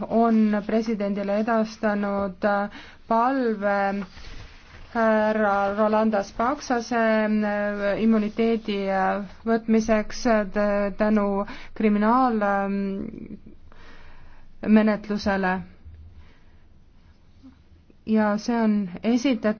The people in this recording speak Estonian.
on presidendile edastanud palve härra Rolandas Paksase äh, immuniteedi äh, võtmiseks äh, tänu kriminaalmenetlusele. Ähm, ja see on esitatud